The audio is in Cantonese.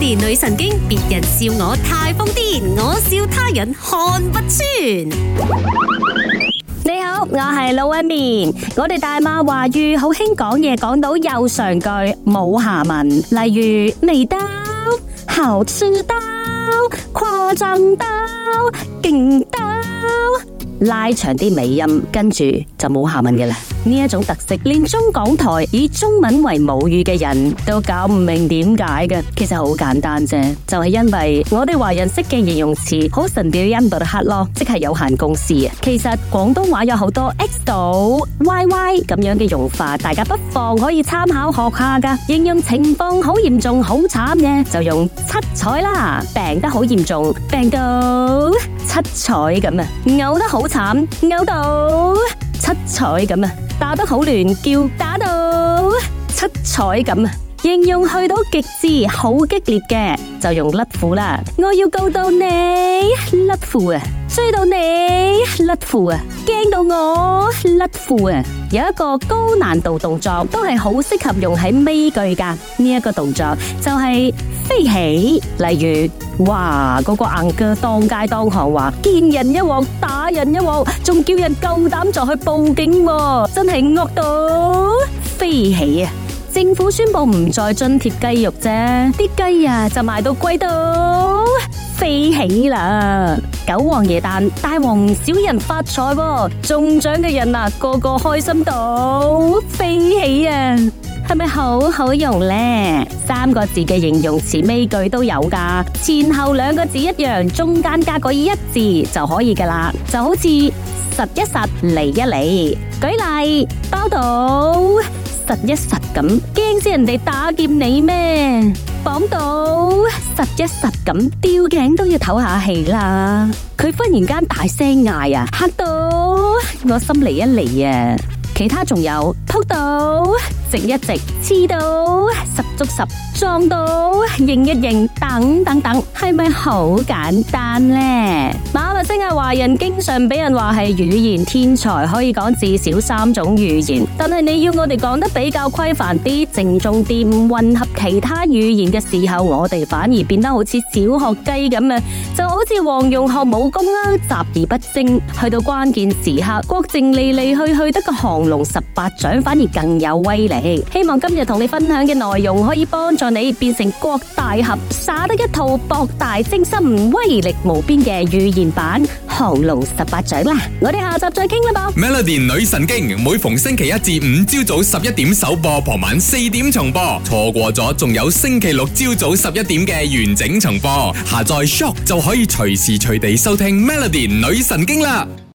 年女神經，別人笑我太瘋癲，我笑他人看不穿。你好，我係老一面，我哋大馬華語好興講嘢，講到有上句冇下文，例如美到、豪豬到、誇張到、勁到，拉長啲尾音，跟住就冇下文嘅啦。呢一種特色，連中港台以中文為母語嘅人都搞唔明點解嘅。其實好簡單啫，就係因為我哋華人識嘅形容詞好神調音到黑咯，即係有限公司啊。其實廣東話有好多 X 到 Y Y 咁樣嘅用法，大家不妨可以參考學下噶。形容情況好嚴重、好慘嘅，就用七彩啦。病得好嚴重，病到七彩咁啊！嘔得好慘，嘔到七彩咁啊！打得好亂，叫打到七彩咁啊！形容去到極致、好激烈嘅，就用甩褲啦！我要告到你甩褲啊，衰到你甩褲啊，驚到我甩褲啊！有一個高難度動作，都係好適合用喺尾句㗎。呢、這、一個動作就係飛起。例如，哇，嗰、那個硬哥當街當巷，話見人一鑊打人一鑊，仲叫人夠膽就去報警、啊，真係惡到飛起啊！政府宣布唔再津貼雞肉啫，啲雞呀、啊、就賣到貴到飛起啦！九皇爺誕，大王唔少人發財喎、哦，中獎嘅人啊，個個開心到飛起啊！係咪好好用呢？三個字嘅形容詞尾句都有噶，前後兩個字一樣，中間加嗰一字就可以噶啦，就好似十一十嚟一嚟。舉例包到實一實咁驚死人哋打劫你咩？綁到實一實咁，吊頸都要唞下氣啦。佢忽然間大聲嗌啊，吓到我心離一離啊！其他仲有偷到直一直、黐到十足十、撞到認一認等，等等等，係咪好簡單呢？正係華人，經常俾人話係語言天才，可以講至少三種語言。但係你要我哋講得比較規範啲、正宗啲，混合其他語言嘅時候，我哋反而變得好似小學雞咁啊！就好似黃蓉學武功啊，雜而不精，去到關鍵時刻，郭靖嚟嚟去去得個降龍十八掌，反而更有威力。希望今日同你分享嘅內容，可以幫助你變成郭大俠，耍得一套博大精深、威力無邊嘅語言版。學龍十八掌啦！我哋下集再傾啦噃。Melody 女神經每逢星期一至五朝早十一點首播，傍晚四點重播。錯過咗，仲有星期六朝早十一點嘅完整重播。下載 Shock 就可以隨時隨地收聽 Melody 女神經啦。